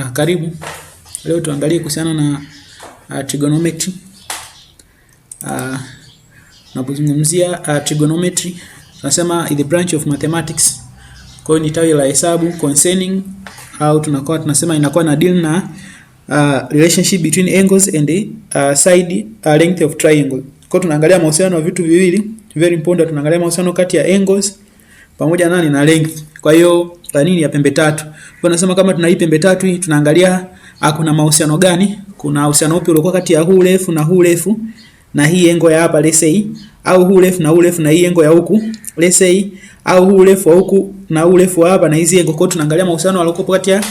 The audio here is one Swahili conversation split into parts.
Ah, karibu. Leo tuangalie kuhusiana na uh, trigonometry. Ah, tunapozungumzia uh, trigonometry tunasema in the branch of mathematics. Kwa hiyo ni tawi la hesabu concerning au tunakuwa tunasema inakuwa na deal na uh, relationship between angles and uh, side uh, length of triangle. Kwa hiyo tunaangalia mahusiano ya vitu viwili very important, tunaangalia mahusiano kati ya angles pamoja nani na length. Kwa hiyo nini ya pembe tatu wanasema kama tuna hii pembe tatu hii tunaangalia ah, kuna mahusiano gani, kuna uhusiano upi uliokuwa kati ya huu refu na huu refu na hii engo ya hapa let's say, au huu refu na huu refu na hii engo ya huku let's say, au huu refu wa huku na huu refu hapa na hizi engo. Kwa hiyo tunaangalia mahusiano yaliokuwa kati ya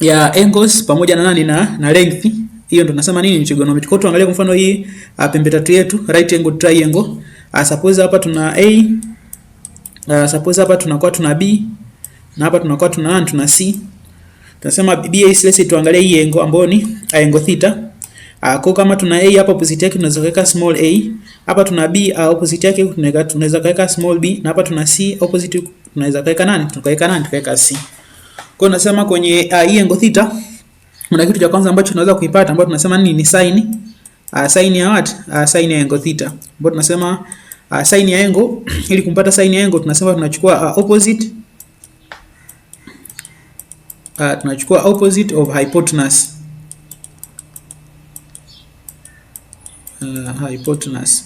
ya angles pamoja na nani na, na length. Hiyo ndo tunasema nini ni trigonometry. Kwa hiyo tuangalie kwa mfano hii ah, pembe tatu yetu right angle triangle. Uh, suppose hapa tuna A, uh, suppose hapa tunakuwa tuna B na hapa tunakuwa tuna nani? Tuna C. Tunasema BA silesi tuangalie hii angle ambayo ni angle theta. Ah, kwa kama tuna A hapa opposite yake tunaweza kaweka small a. Hapa tuna B ah, opposite yake tunaweza kaweka small b na hapa tuna C opposite tunaweza kaweka nani? Tukaweka nani? Tukaweka C. Kwa nasema kwenye uh, hii angle theta kuna kitu cha kwanza ambacho tunaweza kuipata ambacho tunasema nini? Ni sine. Uh, sine ya what? Uh, sine ya angle theta. Ambapo tunasema uh, sine ya angle ili kumpata sine ya angle tunasema tunachukua uh, opposite uh, tunachukua opposite of hypotenuse uh, hypotenuse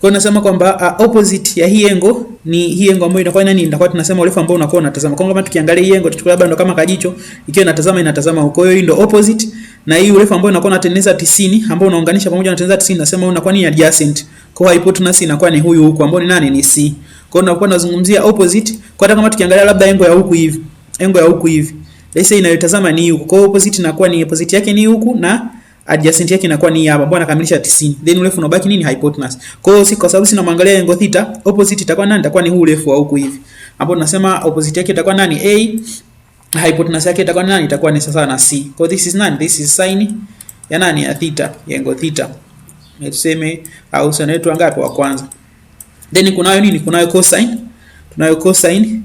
kwa nasema kwamba uh, opposite ya hii engo ni hii engo ambayo inakuwa nani, ndio tunasema urefu ambao unakuwa unatazama. Kwa kama tukiangalia hii engo tuchukue labda ndo kama kajicho ikiwa inatazama inatazama huko, hiyo ndio opposite, na hii urefu ambao inakuwa inatengeneza 90 ambao unaunganisha pamoja na tengeneza 90, nasema unakuwa ni adjacent. Kwa hiyo hypotenuse inakuwa ni huyu huku ambao ni nani, ni C. Kwa hiyo tunakuwa tunazungumzia opposite. Kwa hata kama tukiangalia labda engo ya huku hivi angle ya huku hivi. Let's say inayotazama ni huku. Kwa hiyo opposite inakuwa ni opposite yake ni huku na adjacent yake inakuwa ni hapa, ambapo kamilisha 90. Then urefu unabaki nini? Hypotenuse. Kwa hiyo kwa sababu sina mwangalia angle theta, opposite itakuwa nani? Itakuwa ni huu urefu wa huku hivi. Hapo tunasema opposite yake itakuwa nani? A na hypotenuse yake itakuwa nani? Itakuwa ni sawa na C. Kwa this is nani? This is sine ya nani? Ya theta, ya angle theta. tuseme au uhusiano wetu wangapi wa kwanza? Then kunayo nini? Kunayo cosine. Tunayo cosine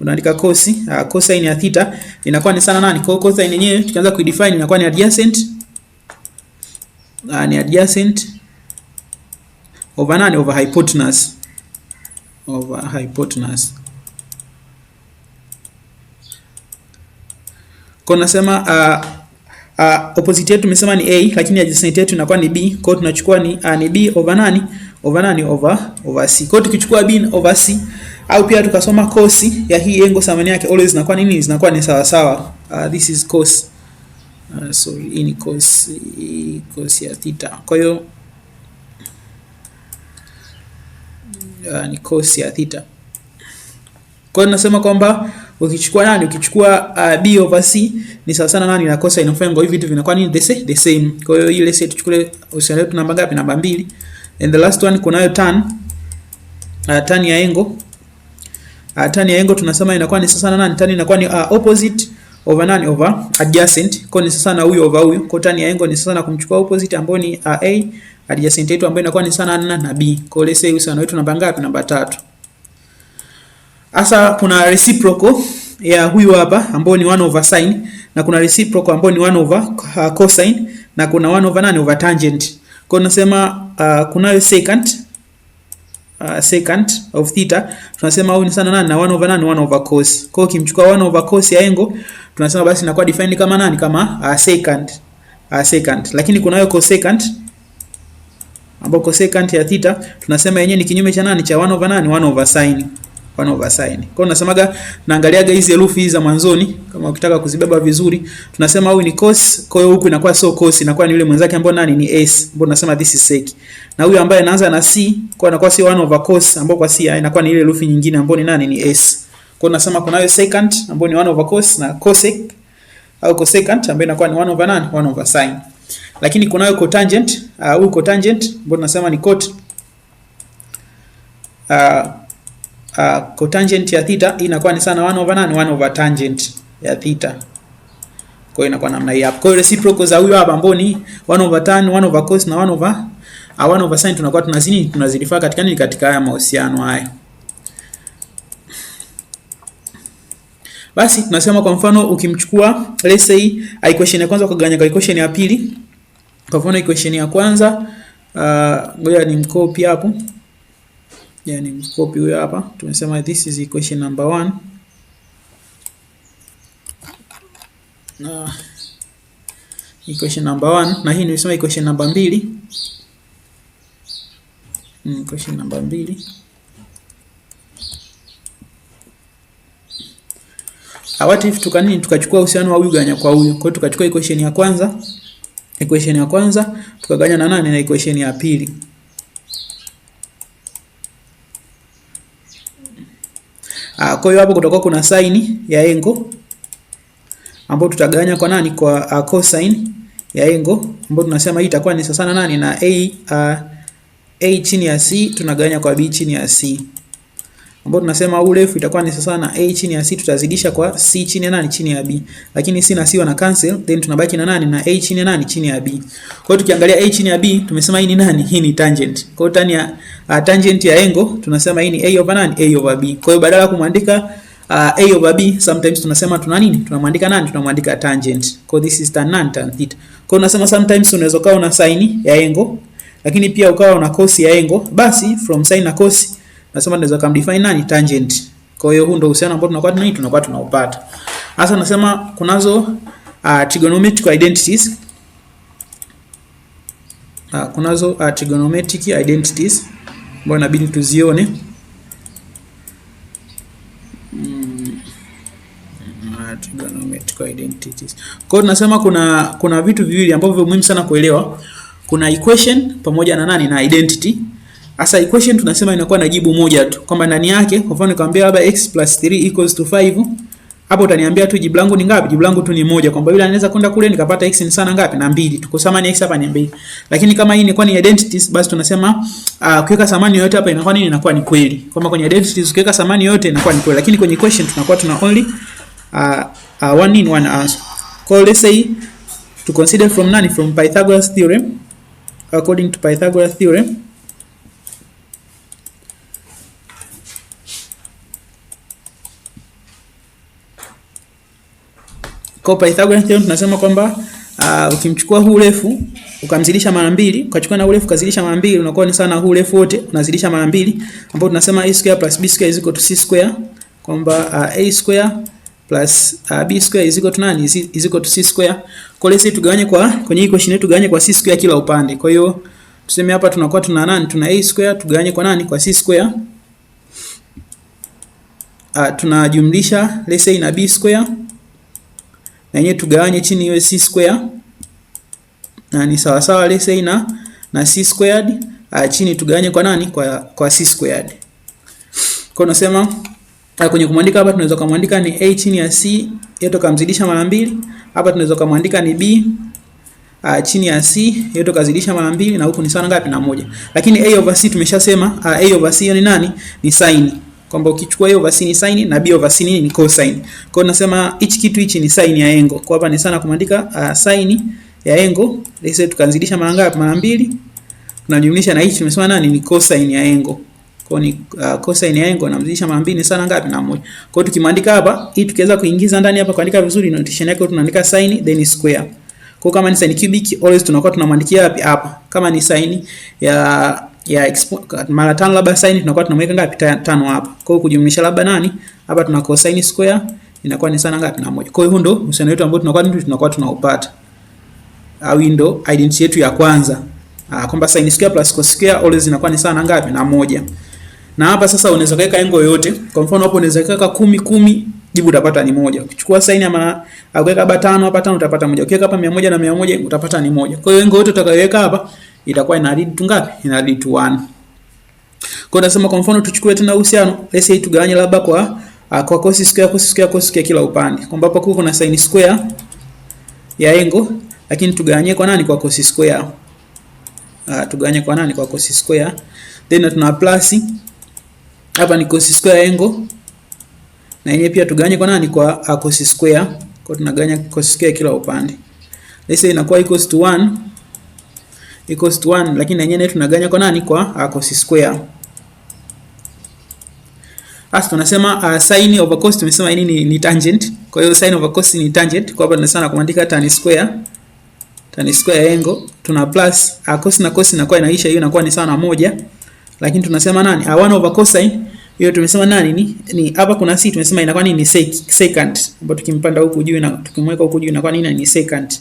unaandika cos uh, ah, cosine ya theta inakuwa ni sana nani? Kwa cosine yenyewe tukianza kuidefine inakuwa ni adjacent uh, ni adjacent over nani? Over hypotenuse over hypotenuse. Kwa nasema uh, uh, opposite yetu tumesema ni a, lakini adjacent yetu inakuwa ni b. Kwa hiyo tunachukua ni uh, ni b over nani? Over nani? Over over c. Kwa hiyo tukichukua b over c au pia tukasoma kosi ya hii engo samani yake always zinakuwa nini? Zinakuwa ni sawa sawa. Uh, this is cos uh, ah, so hii ni cos cos ya theta. Kwa hiyo uh, ni cos ya theta. Kwa hiyo nasema kwamba ukichukua nani, ukichukua uh, b over c ni sawa sana nani na kosa inafanya hivi vitu vinakuwa nini, the same the same. Kwa hiyo ile set tuchukule usielewe, tuna namba ngapi? Namba mbili, and the last one kunayo tan uh, tan ya engo uh, ah, tani ya angle tunasema inakuwa ni sasa na nani, tani inakuwa ni uh, opposite over nani over adjacent. Kwa ni sasa na huyo over huyo, kwa tani ya angle ni sasa na kumchukua opposite ambayo ni uh, a adjacent yetu ambayo inakuwa ni sana na na b. Kwa let's say uhusiano wetu namba ngapi? Namba tatu. Sasa kuna reciprocal ya huyu hapa ambao ni 1 over sin na kuna reciprocal ambao ni 1 over uh, cosine na kuna 1 over nani over tangent. Kwa hiyo tunasema uh, kunayo secant uh, secant of theta tunasema huyu ni sana nani na 1 over nani 1 over cos. Kwa hiyo kimchukua 1 over cos ya angle tunasema basi inakuwa defined kama nani kama uh, secant uh, secant. Lakini kuna hiyo cosecant ambapo cosecant ya theta tunasema yenyewe ni kinyume cha nani cha 1 over nani 1 over sin mfano oversign. Kwa hiyo nasemaga naangaliaga hizi herufi hizi za mwanzoni kama ukitaka kuzibeba vizuri, tunasema huyu ni cos, kwa hiyo huku inakuwa so cos, inakuwa ni yule mwenzake ambaye nani ni s, ambaye tunasema this is sec. Na huyu ambaye anaanza na c, kwa inakuwa si 1 over cos, ambaye kwa c ah, inakuwa ni ile herufi nyingine ambaye ni nani ni s. Kwa hiyo nasema kuna kunayo secant ambaye ni 1 over cos na cosec au cosecant ambaye inakuwa ni 1 over nani 1 over sin. Lakini kuna kunayo cotangent, ah, huyu uh, cotangent ambaye tunasema ni cot uh, uh, cotangent ya theta inakuwa ni sana 1 over nani 1 over tangent ya theta. Kwa hiyo inakuwa namna hii hapa. Kwa hiyo reciprocal za huyo hapa ambao ni 1 over tan, 1 over cos na 1 over uh, ah, 1 over sin tunakuwa tunazini tunazidifaa katika nini katika haya mahusiano haya. Basi tunasema kwa mfano ukimchukua let's say equation ya kwanza ukagawanya kwa equation ya pili. Kwa mfano equation ya kwanza ah, ngoja uh, ni mkopi hapo yani mkopi huyo hapa, tumesema this is equation number 1 na equation number 1 na hii nimesema equation number 2 mm, equation number 2 ah, What if tuka tukanini tukachukua uhusiano wa huyu ganya kwa huyu. Kwa hiyo tukachukua equation ya kwanza, equation ya kwanza tukaganya na nane na equation ya pili. Ah, kwa hiyo hapo kutakuwa kuna sine ya engo ambayo tutagawanya kwa nani? Kwa uh, ah, cosine ya engo ambayo tunasema hii itakuwa ni sawa sana nani na a, uh, a chini ya c tunagawanya kwa b chini ya c ambao tunasema urefu itakuwa ni sawa na a chini ya c tutazidisha kwa c chini ya nani chini ya b, lakini c na c wana cancel, then tunabaki na nani na a chini ya nani chini ya b. Kwa hiyo tukiangalia a chini ya b tumesema hii ni nani? Hii ni tangent. Kwa hiyo tani ya uh, tangent ya angle tunasema hii ni a over nani a over b. Kwa hiyo badala ya kumwandika Uh, a over b sometimes tunasema tuna nini? Tunamwandika nani? Tunamwandika tangent. Kwa this is tan nan tan theta. Kwa hiyo tunasema sometimes unaweza kuwa una sine ya angle, lakini pia ukawa una cos ya angle. Basi from sine na cos Nasema tunaweza kumdefine nani tangent. Kwa hiyo huu ndio uhusiano ambao tunakuwa nini tunakuwa tunaupata. Sasa nasema kunazo uh, trigonometric identities. Uh, kunazo uh, trigonometric identities ambayo inabidi tuzione. Mm. Uh, Kwa hiyo tunasema kuna kuna vitu viwili ambavyo muhimu sana kuelewa. Kuna equation pamoja na nani na identity. Sasa equation tunasema inakuwa na jibu moja tu, kwamba ndani yake, kwa mfano nikamwambia labda x plus 3 equals to 5, hapo utaniambia tu jibu langu ni ngapi? Jibu langu tu ni moja, kwamba yule anaweza kwenda kule nikapata x ni sana ngapi? Na mbili tu, kwa thamani x hapa ni mbili. Lakini kama hii inakuwa ni identities, basi tunasema uh, ah, kuweka samani yoyote hapa inakuwa nini? Inakuwa ni kweli, kwamba kwenye identities ukiweka samani yoyote inakuwa ni kweli, lakini kwenye equation tunakuwa tuna only uh, uh, one in one answer. So let's say to consider from nani, from Pythagoras theorem according to Pythagoras theorem Kwa Pythagorean theorem tunasema kwamba uh, ukimchukua huu urefu ukamzidisha mara mbili, ukachukua na urefu ukazidisha mara mbili, unakuwa ni sawa na huu urefu wote unazidisha mara mbili, ambapo tunasema a square plus b square is equal to c square, kwamba uh, a square plus uh, b square is equal to nani, is equal to c square. Kwa hiyo sisi tugawanye kwa kwenye question yetu tugawanye kwa c square kila upande. Kwa hiyo tuseme hapa tunakuwa tuna nani, tuna a square tugawanye kwa nani, kwa c square. Uh, tunajumlisha let's say na b square na yenyewe tugawanye chini iwe c square na ni sawa sawa lese ina na c squared chini tugawanye kwa nani kwa kwa c squared. Kwa unasema kwenye kumwandika hapa tunaweza kumwandika ni a chini ya c yote kamzidisha mara mbili. Hapa tunaweza kumwandika ni b a chini ya c yote kazidisha mara mbili na huku ni sawa ngapi na moja. Lakini a over c tumeshasema a over c ni nani? Ni sine kwamba ukichukua hiyo vasini sign na bio vasini ni cosine. Kwa hiyo nasema hichi kitu hichi ni sign ya engo. Kwa hapa ni sana kumandika uh, sign ya engo. Let's tukanzidisha mara ngapi? Mara mbili. Tunajumlisha na hichi tumesema nani ni cosine ya engo. Kwa ni uh, cosine ya engo namzidisha mara mbili ni sana ngapi? Na moja. Kwa hiyo tukimaandika hapa, hii tukiweza kuingiza ndani hapa kuandika vizuri notation yake tunaandika sign then square. Kwa kama ni sign cubic always tunakuwa tunamwandikia wapi hapa. Kama ni sign ya ya exponent mara tano labda sine tunakuwa tunamweka ngapi? Tano hapa. Kwa hiyo kujumlisha labda nani hapa, tuna cosine square inakuwa ni sana ngapi? Na moja. Kwa hiyo huo ndo uhusiano wetu ambao tunakuwa ndio tunakuwa tunaupata, au ah, ndo identity yetu ya kwanza Ah, kwamba sine square plus cos square always inakuwa ni sana ngapi? Na moja. Na hapa sasa unaweza kaweka angle yoyote. Kwa mfano hapo unaweza kaweka 10 kumi jibu utapata ni moja. Ukichukua sin ama ukiweka hapa tano hapa tano utapata moja. Ukiweka hapa 100 na 100 utapata ni moja. Kwa hiyo angle yote utakayoweka hapa itakuwa ina lead tu ngapi? Ina lead to 1. Kwa nasema kwa mfano tuchukue tena uhusiano. Let's say tugawanye labda kwa ah, kwa cos square cos square cos square kila upande. Kwa Kwamba hapa kuna sin square ya angle lakini tugawanye kwa nani? Kwa cos square. Uh, tugawanye kwa nani? Kwa cos square. Then tuna plus hapa ni cos square angle na yenyewe pia tugawanye kwa nani? Kwa uh, ah, cos square. Kwa tunagawanya cos square kila upande. Let's say inakuwa equals to 1 equals to 1, lakini na yenyewe tunaganya kwa nani? Kwa uh, cos square. Sasa tunasema uh, sin over cos tumesema hii ni, ni tangent. Kwa hiyo sin over cos ni tangent. Kwa hapa tunasema kuandika tan square tan square angle tuna plus uh, cos na cos inakuwa inaisha, hiyo inakuwa ni sawa na moja. Lakini tunasema nani? Uh, 1 over cosine hiyo tumesema nani ni, ni hapa kuna c tumesema inakuwa ni Sec, secant ambapo tukimpanda huku juu na tukimweka huku juu inakuwa ni Ni secant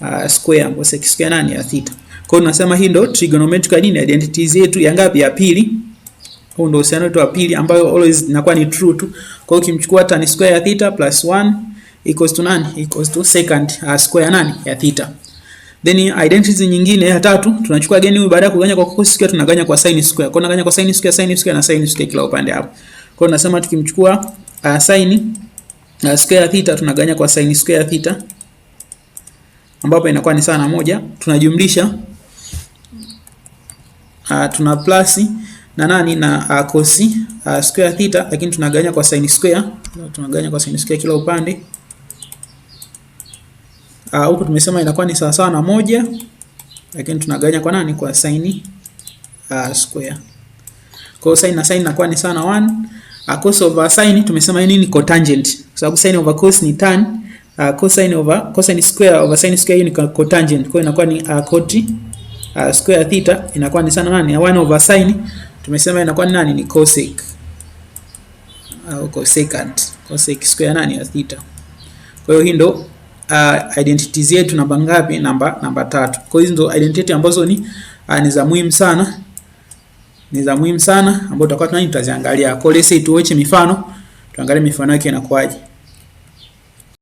uh, square ambapo sec square nani ya theta. Kwa hiyo tunasema hii ndio trigonometric nini identity zetu ya ngapi? Ya pili. Huu ndio uhusiano wetu wa pili ambayo always inakuwa ni true tu. Kwa hiyo ukimchukua tan square ya theta plus 1 equals to nani? Equals to secant uh, square ya nani? Ya theta. Then identities nyingine ya tatu tunachukua again huyu, baada ya kuganya kwa cos square tunaganya kwa sin square. Kwa hiyo kwa sin square, sin square na sin square kila upande hapo. Kwa hiyo tunasema tukimchukua uh, ah, sin uh, ah, square ya theta tunaganya kwa sin square ya theta ambapo inakuwa ni sawa na moja, tunajumlisha uh, tuna plus na nani na uh, cos uh, square theta, lakini tunaganya kwa sin square, tunaganya kwa sin square kila upande huku uh, tumesema inakuwa ni sawa sawa na moja, lakini tunaganya kwa nani kwa sin uh, square. Kwa hiyo sin na sin inakuwa ni sawa na 1. Uh, cos over sin tumesema hii ni cotangent, kwa sababu sin over cos ni tan. Uh, cosine over cosine square over sine square ni cotangent, kwa hiyo inakuwa ni uh, cot uh, square theta inakuwa ni sana nani 1 over sine tumesema inakuwa ni nani ni cosec au cosecant cosec square nani ya theta. Kwa hiyo hii ndo uh, identity zetu namba ngapi? Namba namba tatu. Kwa hiyo hizo ndo identity ambazo ni uh, ni za muhimu sana ni za muhimu sana ambapo tutakuwa tunaziangalia. Kwa hiyo tuoche mifano tuangalie mifano yake inakuwaje.